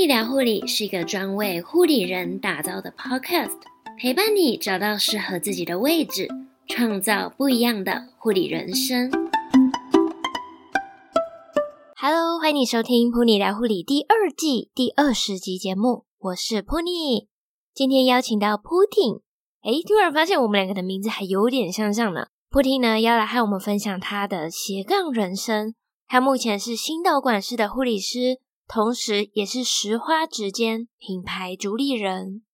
噗妮聊護理是一個專為護理人打造的 Podcast，陪伴你找到適合自己的位置，創造不一樣的護理人生。Hello，歡迎收聽《噗妮聊護理》第二季第二十集節目，我是 Puni，今天邀請到 Putin，誒突然發現我們兩個的名字還有點相像,像呢。Putin 呢要來和我們分享他的斜槓人生，他目前是心導管室的護理師。同時，也是蒔花植間品牌主理人，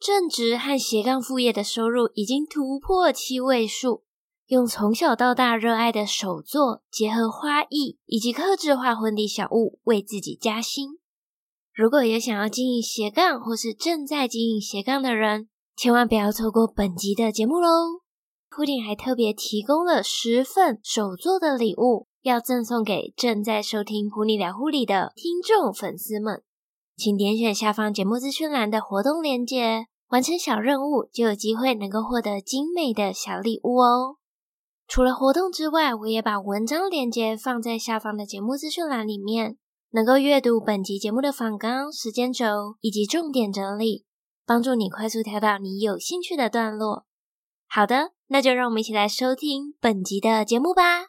正職和斜槓副業的收入已經突破七位數。用從小到大熱愛的手作，結合花藝以及客製化婚禮小物，為自己加薪。如果有想要經營斜槓或是正在經營斜槓的人，千萬不要錯過本集的節目嘍！Putin 還特別提供了十份手作的禮物。要贈送給正在收聽噗妮聊護理的聽眾粉絲們，請點選下方節目資訊欄的活動鏈接，完成小任務就有機會能夠獲得精美的小禮物哦。除了活動之外，我也把文章鏈接放在下方的節目資訊欄裡面，能夠閱讀本集節目的訪綱時間軸以及重點整理，幫助你快速挑到你有興趣的段落。好的，那就讓我們一起來收聽本集的節目吧。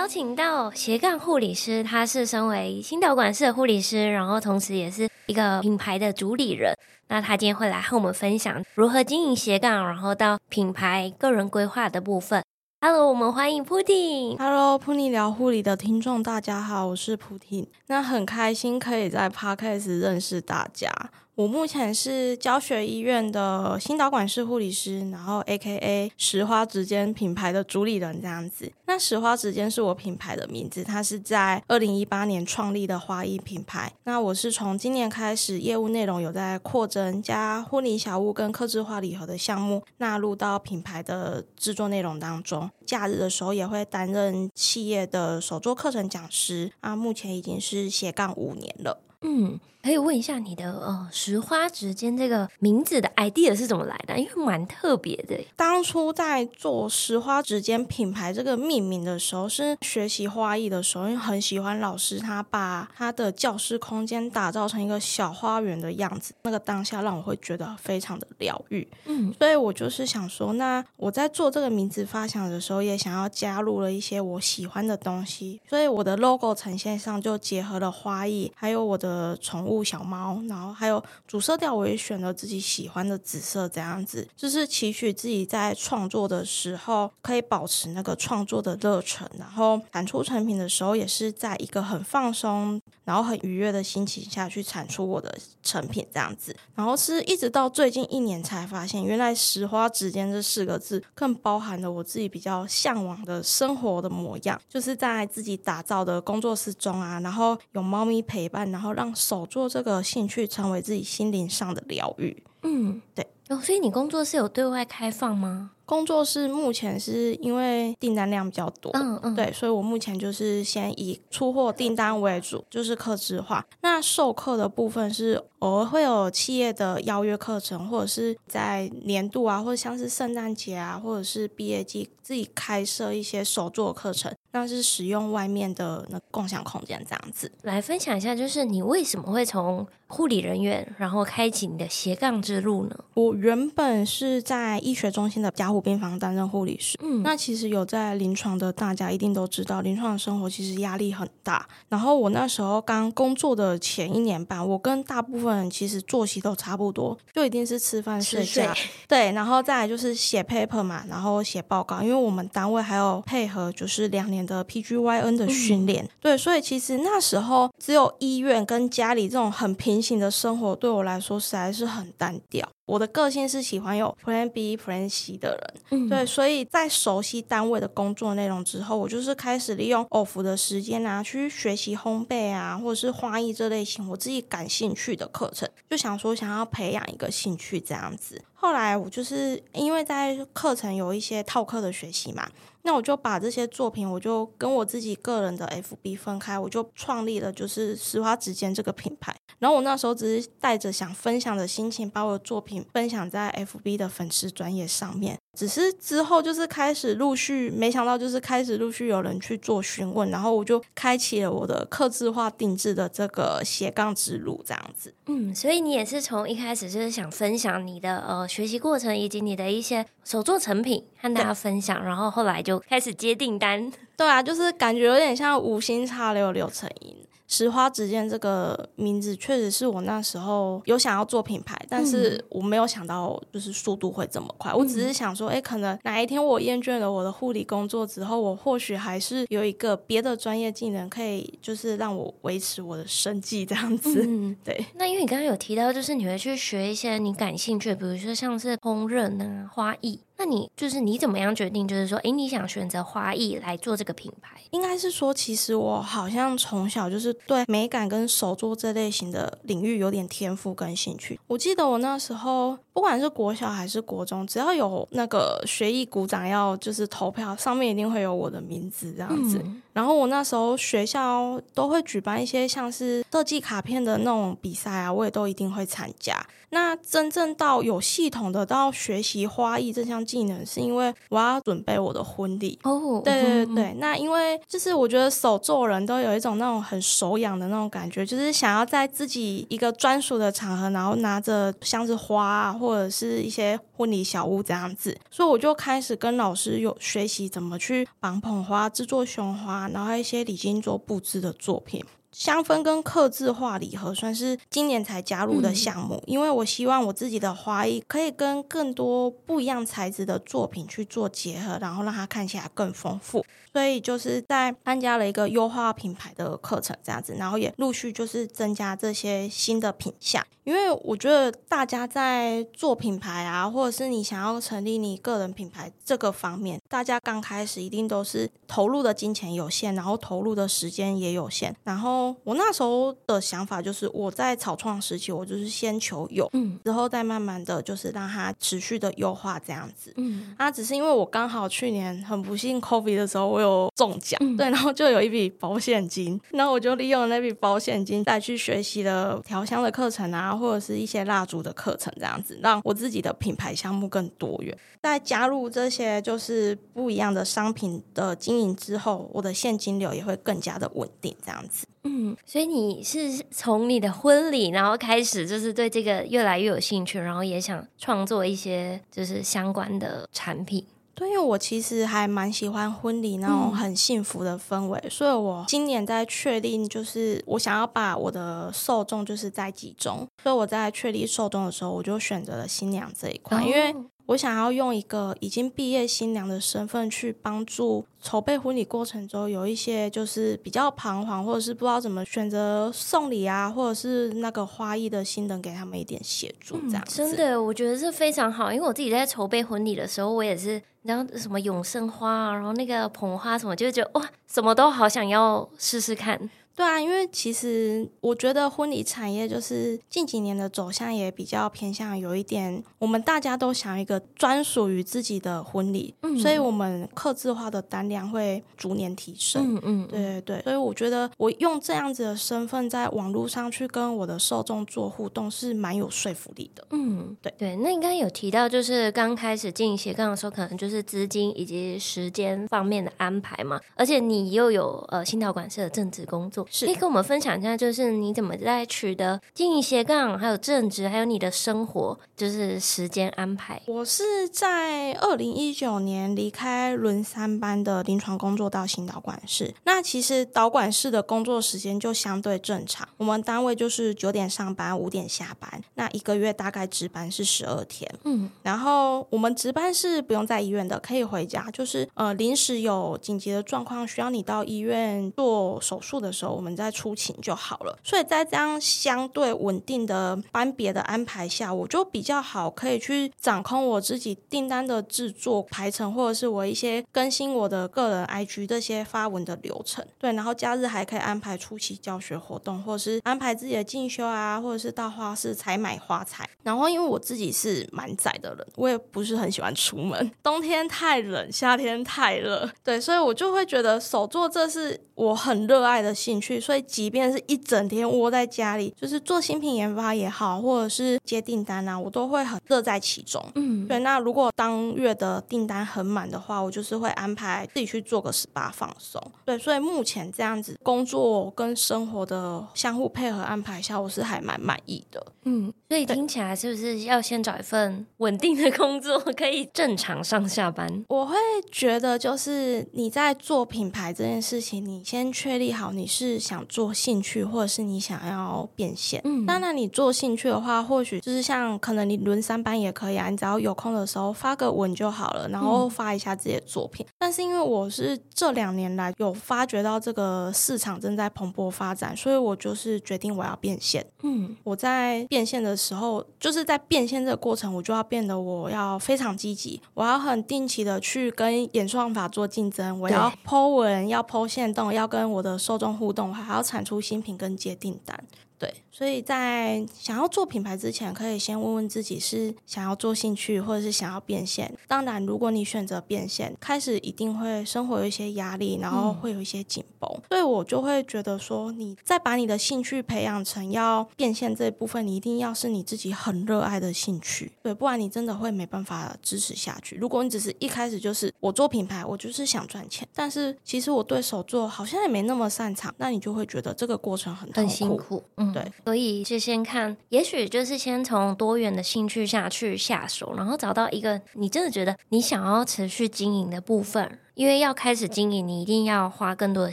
邀請到斜槓護理師，他是身為心導管室的護理師，然後同時也是一個品牌的主理人。那他今天會來和我們分享如何經營斜槓，然後到品牌個人規劃的部分。Hello，我們歡迎 Putin。Hello，噗妮聊護理的聽眾大家好，我是 Putin。那很開心可以在 Podcast 認識大家。我目前是教學醫院的心導管室護理師，然後 A K A 蒔花植間品牌的主理人這樣子。那蒔花植間是我品牌的名字，它是在二零一八年創立的花藝品牌。那我是從今年開始，業務內容有在擴增，加婚禮小物跟客製化禮盒的項目納入到品牌的制作內容當中。假日的時候也會擔任企業的手作課程講師，啊，目前已經是斜槓五年了。嗯。可以問一下你的呃“哦，蒔花植間”這個名字的 idea 是怎麼來的？因為蠻特別的。當初在做“蒔花植間”品牌這個命名的時候，是學習花藝的時候，因為很喜歡老師，他把他的教室空間打造成一個小花園的樣子，那個當下讓我會覺得非常的療癒。嗯，所以我就是想說，那我在做這個名字發想的時候，也想要加入了一些我喜歡的東西，所以我的 logo 呈現上就結合了花藝，還有我的寵物。小貓，然後還有主色調我也選了自己喜歡的紫色，這樣子就是期許自己在創作的時候可以保持那個創作的熱忱，然後產出成品的時候也是在一個很放鬆，然後很愉悅的心情下去產出我的成品，這樣子。然後是一直到最近一年才發現，原來“蒔花植間”這四個字更包含了我自己比較嚮往的生活的模樣，就是在自己打造的工作室中啊，然後有貓咪陪伴，然後讓手作做這個興趣成為自己心靈上的療癒，嗯，對。所以你工作室有對外開放嗎？工作室目前是因為訂單量比較多，嗯，嗯嗯，對，所以我目前就是先以出貨訂單為主，就是客制化。那授課的部分是？偶爾會有企業的邀約課程，或者是在年度啊，或者像是聖誕節啊，或者是畢業季自己開設一些手作課程，那是使用外面的那共享空間這樣子來分享一下，就是你為什麼會從護理人員然後開啟你的斜槓之路呢？我原本是在醫學中心的加護病房擔任護理師，嗯，那其實有在臨床的大家一定都知道，臨床的生活其實壓力很大。然後我那時候剛工作的前一年半，我跟大部分其實作息都差不多，就一定是吃飯睡覺，水對，然後再來就是寫 paper 嘛，然後寫報告，因為我們單位還有配合就是兩年的 PGYN 的訓練，嗯、對，所以其實那時候只有醫院跟家裡這種很平行的生活，對我來說實在是很單調。我的個性是喜歡有 plan B plan C 的人，嗯。對，所以在熟悉單位的工作內容之後，我就是開始利用 off 的時間啊，去學習烘焙啊，或者是花藝這類型我自己感興趣的課程，就想說想要培養一個興趣這樣子。後來我就是因為在課程有一些套課的學習嘛。那我就把這些作品，我就跟我自己個人的 FB 分開，我就創立了就是蒔花植間這個品牌。然後我那時候只是帶着想分享的心情，把我的作品分享在 FB 的粉絲專業上面。只是之後就是開始陸續，沒想到就是開始陸續有人去做詢問，然後我就開啟了我的客製化定制的這個斜槓之路，這樣子。嗯，所以你也是從一開始就是想分享你的呃學習過程，以及你的一些手作成品，和大家分享，對然後後來就。就開始接訂單，對啊，就是感覺有點像無心插柳柳成蔭。蒔花植間這個名字確實是我那時候有想要做品牌，但是我沒有想到就是速度會這麼快。嗯、我只是想說，哎、欸，可能哪一天我厭倦了我的護理工作之後，我或許還是有一個別的專業技能，可以就是讓我維持我的生計這樣子。嗯、對，那因為你剛剛有提到，就是你會去學一些你感興趣，比如說像是烹飪啊、花藝。那你就是你怎麼樣決定？就是說，欸，你想選擇花藝來做這個品牌？應該是說，其實我好像從小就是對美感跟手作這類型的領域有點天賦跟興趣。我記得我那時候。不管是國小還是國中，只要有那個學藝股長要就是投票，上面一定會有我的名字這樣子。嗯、然後我那時候學校都會舉辦一些像是設計卡片的那種比賽啊，我也都一定會參加。那真正到有系統的到學習花藝這項技能，是因為我要準備我的婚禮。哦，對對對。嗯、那因為就是我覺得手做人都有一種那種很手癢的那種感覺，就是想要在自己一個專屬的場合，然後拿着像是花啊，或或者是一些婚禮小物這樣子，所以我就開始跟老師有學習怎麼去綁捧花、製作胸花，然後一些禮金桌佈置的作品。香氛跟客製化禮盒算是今年才加入的項目，因為我希望我自己的花藝可以跟更多不一樣材質的作品去做結合，然後讓它看起來更豐富。所以就是在參加了一個優化品牌的課程，這樣子，然後也陸續就是增加這些新的品項。因為我覺得大家在做品牌啊，或者是你想要成立你個人品牌這個方面，大家剛開始一定都是投入的金錢有限，然後投入的時間也有限，然後。我那時候的想法就是，我在草創時期，我就是先求有，嗯，之後再慢慢的就是讓它持續的優化這樣子，嗯，啊，只是因為我剛好去年很不幸 COVID 的時候，我有中獎，嗯、對，然後就有一筆保險金，然後我就利用那筆保險金再去學習了調香的課程啊，或者是一些蠟燭的課程這樣子，讓我自己的品牌項目更多元，在加入這些就是不一樣的商品的經營之後，我的現金流也會更加的穩定這樣子。嗯，所以你是從你的婚禮然後開始，就是對這個越來越有興趣，然後也想創作一些就是相關的產品。對，我其實還蠻喜歡婚禮那種很幸福的氛圍，嗯、所以我今年在確定就是我想要把我的受眾就是在集中，所以我在確立受眾的時候，我就選擇了新娘這一塊，嗯、因為。我想要用一個已經畢業新娘的身份去幫助籌備婚禮過程中有一些就是比較彷徨，或者是不知道怎麼選擇送禮啊，或者是那個花藝的新人，給他們一點協助，這樣子、嗯、真的我覺得是非常好，因為我自己在籌備婚禮的時候，我也是，你知道什麼永生花啊，然後那個捧花什麼，就覺得哇，什麼都好想要試試看。對啊，因為其實我覺得婚禮產業就是近幾年的走向也比較偏向有一點，我們大家都想一個專屬於自己的婚禮，嗯、所以我們客製化的單量會逐年提升。嗯嗯，嗯對對對，所以我覺得我用這樣子的身份在網絡上去跟我的受眾做互動是蠻有說服力的。嗯，對對，那應該有提到就是剛開始進斜槓的時候，可能就是資金以及時間方面的安排嘛，而且你又有呃心導管室的正職工作。可以跟我們分享一下，就是你怎麼在取得經營斜槓，還有正職，還有你的生活，就是時間安排？我是在二零一九年離開輪三班的臨床工作，到心導管室。那其實導管室的工作時間就相對正常，我們單位就是九點上班，五點下班。那一個月大概值班是十二天，嗯，然後我們值班是不用在醫院的，可以回家。就是呃，臨時有緊急的狀況需要你到醫院做手術的時候，我們再出勤就好了，所以在這樣相對穩定的班別的安排下，我就比較好可以去掌控我自己訂單的制作排程，或者是我一些更新我的個人 IG 這些發文的流程。對，然後假日還可以安排出勤教學活動，或者是安排自己的進修啊，或者是到花市採買花材。然後因為我自己是蠻宅的人，我也不是很喜歡出門，冬天太冷，夏天太熱，對，所以我就會覺得手作這是我很熱愛的興。去所以即便是一整天窩在家裡，就是做新品研發也好，或者是接訂單啊，我都會很樂在其中。嗯，對。那如果當月的訂單很滿的話，我就是會安排自己去做個 SPA 放鬆。對，所以目前這樣子工作跟生活的相互配合安排一下，我是還蠻滿意的。嗯，所以聽起來是不是要先找一份穩定的工作，可以正常上下班？我會覺得，就是你在做品牌這件事情，你先確立好你是。是想做興趣，或者是你想要變現。當然你做興趣的話，或許就是像可能你輪三班也可以啊，你只要有空的時候發個文就好了，然後發一下自己的作品。嗯、但是因為我是這兩年來有發覺到這個市場正在蓬勃發展，所以我就是決定我要變現。嗯，我在變現的時候，就是在變現這個過程，我就要變得我要非常積極，我要很定期的去跟演算法做競爭，我要 po 文，要 po 限動，要跟我的受眾互動。我還要產出新品跟接訂單。對，所以在想要做品牌之前，可以先問問自己是想要做興趣，或者是想要變現。當然，如果你選擇變現，開始一定會生活有一些壓力，然後會有一些緊繃。嗯、所以我就會覺得說，你再把你的興趣培養成要變現這一部分，你一定要是你自己很熱愛的興趣。對，不然你真的會沒辦法支持下去。如果你只是一開始就是我做品牌，我就是想賺錢，但是其實我對手作好像也沒那麼擅長，那你就會覺得這個過程很痛苦，嗯。對，嗯，所以就先看，也許就是先從多元的興趣下去下手，然後找到一個你真的覺得你想要持續經營的部分，因為要開始經營，你一定要花更多的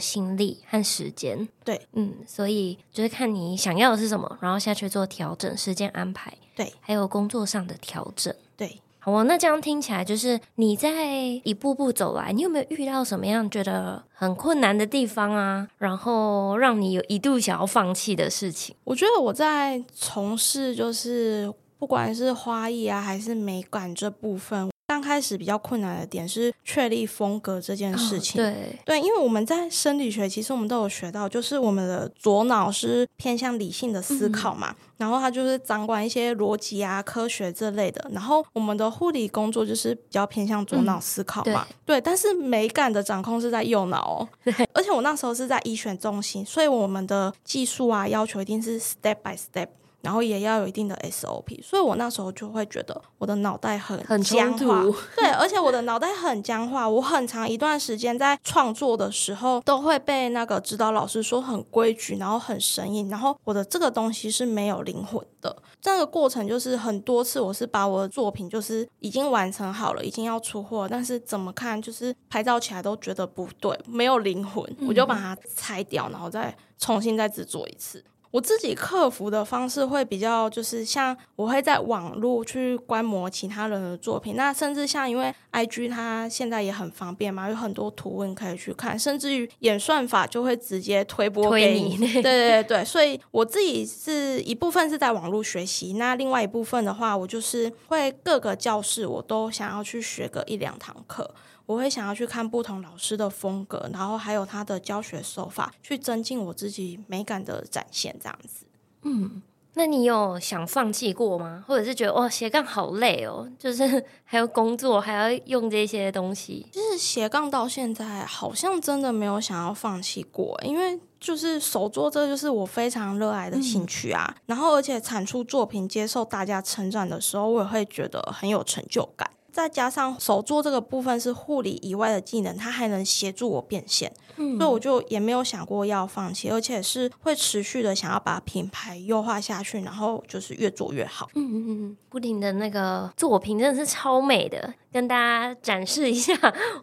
心力和時間。對，嗯，所以就是看你想要的是什麼，然後下去做調整，時間安排，對，還有工作上的調整，對。好，那這樣聽起來就是你在一步步走來，你有沒有遇到什麼樣覺得很困難的地方啊？然後讓你有一度想要放棄的事情？我覺得我在從事就是不管是花藝啊還是美感這部分，剛開始比較困難的點是確立風格這件事情。對對，因為我們在生理學，其實我們都有學到，就是我們的左腦是偏向理性的思考嘛，然後它就是掌管一些邏輯啊、科學這類的。然後我們的護理工作就是比較偏向左腦思考嘛，對。但是美感的掌控是在右腦哦。對。而且我那時候是在醫學中心，所以我們的技術啊要求一定是 step by step。然後也要有一定的 SOP，所以我那時候就會覺得我的腦袋很僵化，很衝突，對， 而且我的腦袋很僵化。我很長一段時間在創作的時候，都會被那個指導老師說很規矩，然後很生硬，然後我的這個東西是沒有靈魂的。這個過程就是很多次，我是把我的作品就是已經完成好了，已經要出貨了，但是怎麼看就是拍照起來都覺得不對，沒有靈魂，嗯、我就把它拆掉，然後再重新再製作一次。我自己克服的方式會比較就是像我會在網絡去觀摩其他人的作品，那甚至像因為 IG 它現在也很方便嘛，有很多圖文可以去看，甚至於演算法就會直接推播給你。你對，對對對， 所以我自己是一部分是在網絡學習，那另外一部分的話，我就是會各個教室我都想要去學個一兩堂課。我會想要去看不同老師的風格，然後還有他的教學手法，去增進我自己美感的展現這樣子。嗯，那你有想放棄過嗎？或者是覺得哇斜槓好累哦？喔，就是還要工作，還要用這些東西。就是斜槓到現在好像真的沒有想要放棄過，因為就是手作這就是我非常熱愛的興趣啊。嗯、然後而且產出作品，接受大家稱讚的時候，我也會覺得很有成就感。再加上手作這個部分是護理以外的技能，它還能協助我變現，嗯、所以我就也沒有想過要放棄，而且是會持續的想要把品牌優化下去，然後就是越做越好。嗯嗯嗯，Putin 的那個作品真的是超美的。跟大家展示一下，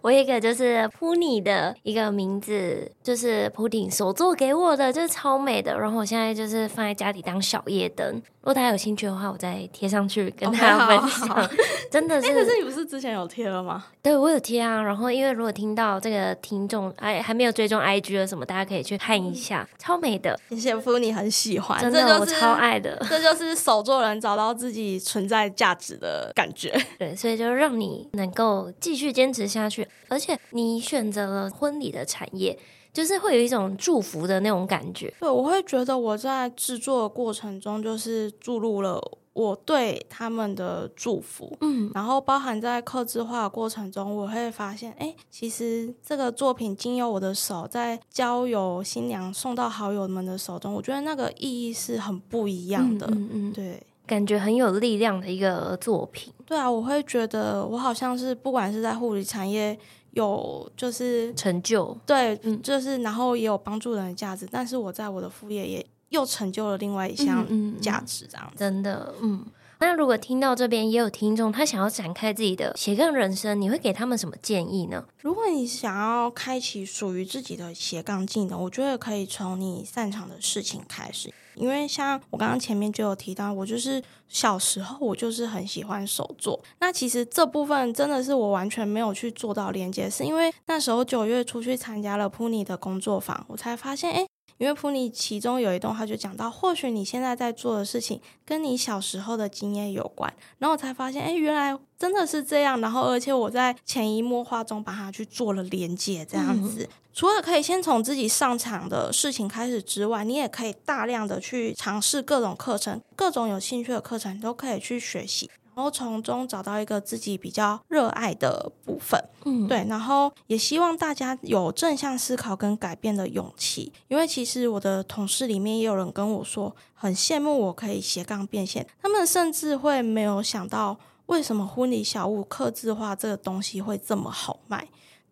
我一個就是噗妮的一個名字，就是 Putin 手作給我的，就是超美的。然後我現在就是放在家裡當小夜燈。如果大家有興趣的話，我再貼上去跟大家分享。Okay, 好好好，真的是，哎、欸，可是你不是之前有貼了嗎？對，我有貼啊。然後因為如果聽到這個聽眾還、哎、還沒有追蹤 I G 的什麼，大家可以去看一下，超美的。謝謝噗妮，很喜歡，真的，我超愛的。這就是手作人找到自己存在價值的感覺。對，所以就讓你。能夠繼續堅持下去，而且你選擇了婚禮的產業，就是會有一種祝福的那種感覺。對，我會覺得我在製作的過程中，就是注入了我對他們的祝福。嗯，然後包含在客製化的過程中，我會發現，哎，其實這個作品經由我的手，在交由新娘送到好友們的手中，我覺得那個意義是很不一樣的。嗯，嗯，嗯，對。感覺很有力量的一個作品。對啊，我會覺得我好像是不管是在護理產業有就是成就，對，嗯，就是然後也有幫助人的價值。但是我在我的副業也又成就了另外一項價值，這樣子，嗯嗯嗯。真的，嗯。那如果聽到這邊也有聽眾，他想要展開自己的斜槓人生，你會給他們什麼建議呢？如果你想要開啟屬於自己的斜槓技能，我覺得可以從你擅長的事情開始。因為像我剛剛前面就有提到，我就是小時候我就是很喜歡手作。那其實這部分真的是我完全沒有去做到連接，是因為那時候九月出去參加了 Puni 的工作坊，我才發現，誒、欸。因為普尼其中有一段話就講到，或許你現在在做的事情跟你小時候的經驗有關，然後我才發現，哎，原來真的是這樣。然後，而且我在潛移默化中把它去做了連接，這樣子。嗯、除了可以先從自己上場的事情開始之外，你也可以大量的去嘗試各種課程，各種有興趣的課程都可以去學習。然後從中找到一個自己比較熱愛的部分，嗯，對。然後也希望大家有正向思考跟改變的勇氣，因為其實我的同事裡面也有人跟我說，很羨慕我可以斜槓變現。他們甚至會沒有想到，為什麼婚禮小物客製化這個東西會這麼好賣？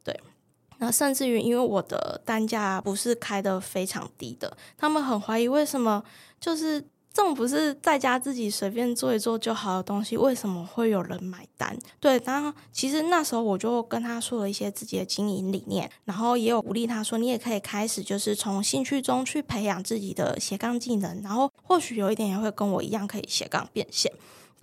對，那甚至於因為我的單價不是開得非常低的，他們很懷疑為什麼就是。這種不是在家自己隨便做一做就好的東西，為什麼會有人買單？對，然後其實那時候我就跟他說了一些自己的經營理念，然後也有鼓勵他說，你也可以開始，就是從興趣中去培養自己的斜槓技能，然後或許有一點也會跟我一樣可以斜槓變現。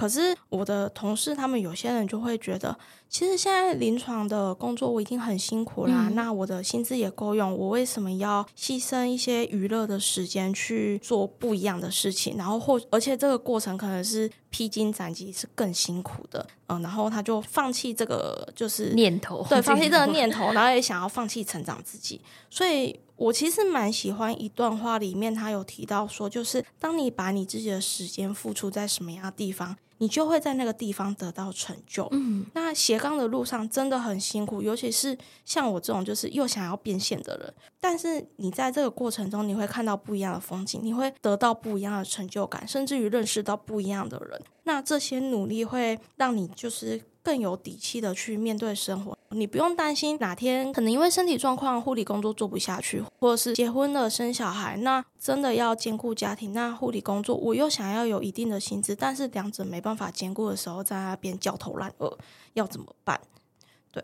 可是我的同事，他們有些人就會覺得，其實現在臨床的工作我已經很辛苦啦，嗯、那我的薪資也夠用，我為什麼要犧牲一些娛樂的時間去做不一樣的事情？然後或而且這個過程可能是披荊斬棘，是更辛苦的。嗯、呃，然後他就放棄這個就是念頭，對，放棄這個念頭，然後 也想要放棄成長自己，所以。我其實蠻喜歡一段話裡面，他有提到說，就是當你把你自己的時間付出在什麼樣的地方，你就會在那個地方得到成就。嗯，那斜槓的路上真的很辛苦，尤其是像我這種就是又想要變現的人，但是你在這個過程中，你會看到不一樣的風景，你會得到不一樣的成就感，甚至於認識到不一樣的人。那這些努力會讓你就是更有底氣的去面對生活。你不用擔心哪天可能因為身體狀況護理工作做不下去，或是結婚了生小孩，那真的要兼顧家庭，那護理工作我又想要有一定的薪資，但是兩者沒辦法兼顧的時候，在那邊焦頭爛額，要怎麼辦？對，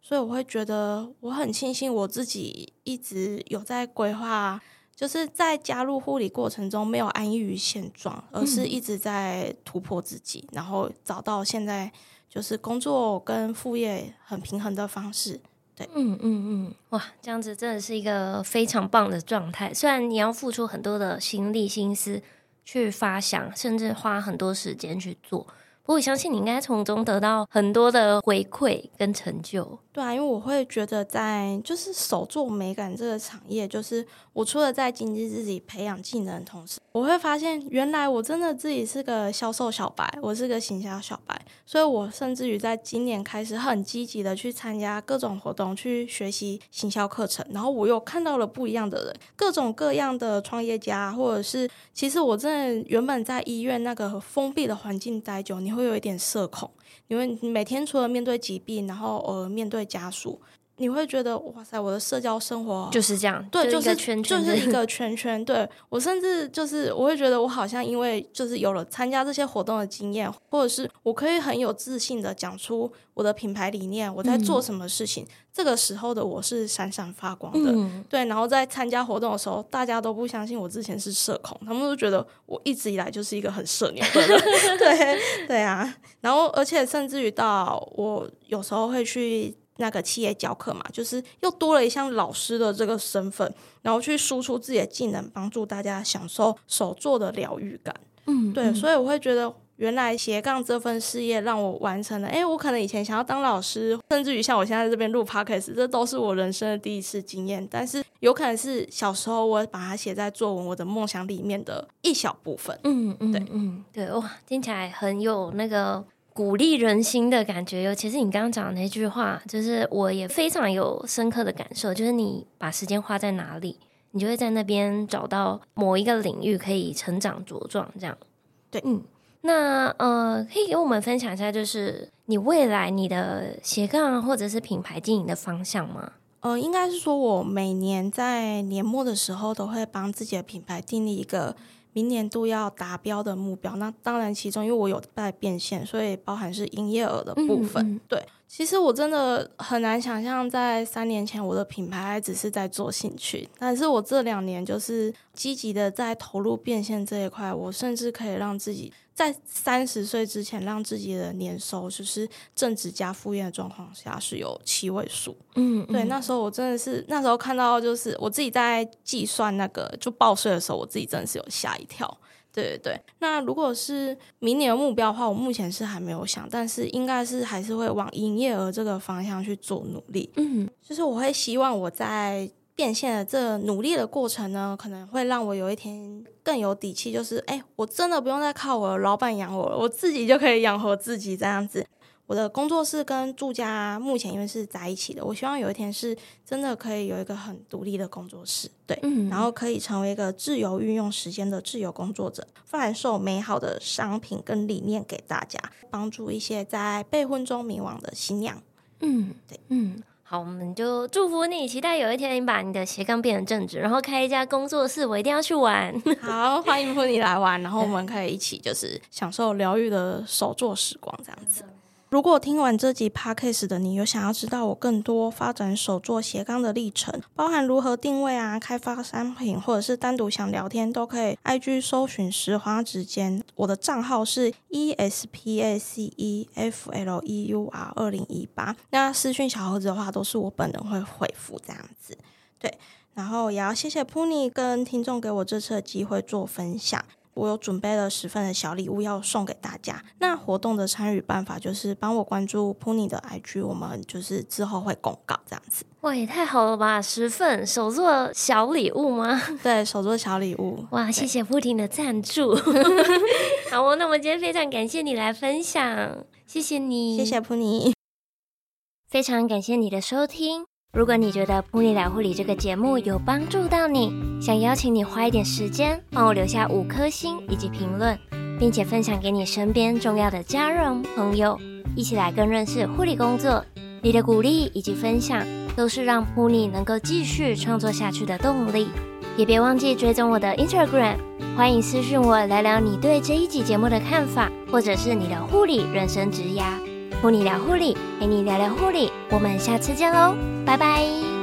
所以我會覺得我很慶幸我自己一直有在規劃，就是在加入護理過程中沒有安逸於現狀，而是一直在突破自己，然後找到現在。就是工作跟副業很平衡的方式，對，嗯嗯嗯嗯，哇，這樣子真的是一個非常棒的狀態。雖然你要付出很多的心力、心思去發想，甚至花很多時間去做，不過我相信你應該從中得到很多的回饋跟成就。對啊，因為我會覺得在就是手做美感這個產業，就是我除了在經濟自己培養技能的同時，我會發現原來我真的自己是個銷售小白，我是個行銷小白，所以我甚至於在今年開始很積極的去參加各種活動，去學習行銷課程。然後我又看到了不一樣的人，各種各樣的創業家，或者是其實我真的原本在醫院那個封閉的環境待久，你會有一點社恐，因為每天除了面對疾病，然後呃面對。加速，你會覺得哇塞！我的社交生活就是這樣，對，就，圈圈就是圈圈，就是一個圈圈。對我甚至就是我會覺得，我好像因為就是有了參加這些活動的經驗，或者是我可以很有自信的講出我的品牌理念，我在做什麼事情。嗯、這個時候的我是閃閃發光的，嗯、對。然後在參加活動的時候，大家都不相信我之前是社恐，他們都覺得我一直以來就是一個很社牛的人。 對對啊，然後而且甚至於到我有時候會去。那個企業教課嘛，就是又多了一項老師的這個身份，然後去輸出自己的技能，幫助大家享受手作的療癒感。嗯，對，所以我會覺得，原來斜槓這份事業讓我完成了。哎、欸，我可能以前想要當老師，甚至於像我現在，在這邊錄 Podcast，這都是我人生的第一次經驗。但是有可能是小時候我把它寫在作文我的夢想裡面的一小部分。嗯，嗯對，嗯對，哇，聽起來很有那個。鼓勵人心的感覺喲。其實你剛剛講的那句話，就是我也非常有深刻的感受。就是你把時間花在哪裡，你就會在那邊找到某一個領域可以成長茁壯。這樣，對，嗯，那呃，可以給我們分享一下，就是你未來你的斜槓或者是品牌經營的方向嗎？呃，應該是說，我每年在年末的時候都會幫自己的品牌訂立一個。明年度要達標的目標。那當然其中因為我有在變現，所以包含是營業額的部分。嗯嗯對，其實我真的很難想象，在三年前我的品牌還只是在做興趣，但是我這兩年就是積極的在投入變現這一塊，我甚至可以讓自己。在三十歲之前，讓自己的年收就是正職加副業的狀況下是有七位數。嗯，嗯，嗯，對，那時候我真的是那時候看到，就是我自己在計算那個就報稅的時候，我自己真的是有嚇一跳。對對對，那如果是明年的目標的話，我目前是還沒有想，但是應該是還是會往營業額這個方向去做努力。嗯，嗯，就是我會希望我在。變現的這努力的過程呢，可能會讓我有一天更有底氣，就是哎、欸，我真的不用再靠我老板養我了，我自己就可以養活自己。這樣子，我的工作室跟住家、啊、目前因為是在一起的，我希望有一天是真的可以有一個很獨立的工作室，對，嗯、然後可以成為一個自由運用時間的自由工作者，販售美好的商品跟理念給大家，幫助一些在備婚中迷惘的新娘。嗯，對，嗯。好，我們就祝福你，期待有一天你把你的斜槓變成正職，然後開一家工作室，我一定要去玩。好，歡迎和你來玩， 然後我們可以一起就是享受療癒的手作時光，這樣子。如果聽完這集 podcast 的你，有想要知道我更多發展手作斜槓的歷程，包含如何定位啊、開發商品，或者是單獨想聊天，都可以 I G 搜尋“蒔花植間”，我的賬號是 E S P A C E F L E U R 二零一八。那私訊小盒子的話，都是我本人會回復這樣子。對，然後也要謝謝 Puni 跟聽眾給我這次的機會做分享。我有準備了十份的小禮物要送給大家。那活動的參與辦法就是幫我關注 Puni 的 IG，我們就是之後會公告這樣子。哇，也太好了吧！十份手作小禮物嗎？對，手作小禮物。哇，謝謝 Putin 的贊助。對 好哦，那我們今天非常感謝你來分享，謝謝你，謝謝 Puni，非常感謝你的收聽。如果你覺得《噗妮聊護理》這個節目有幫助到你，想邀請你花一點時間幫我留下五顆星以及評論，並且分享給你身邊重要的家人朋友，一起來更認識護理工作。你的鼓勵以及分享都是讓噗妮能夠繼續創作下去的動力。也別忘記追蹤我的 Instagram，歡迎私訊我聊聊你對這一集節目的看法，或者是你的護理人生職涯。和你聊護理，陪你聊聊護理，我們下次見嘍，拜拜。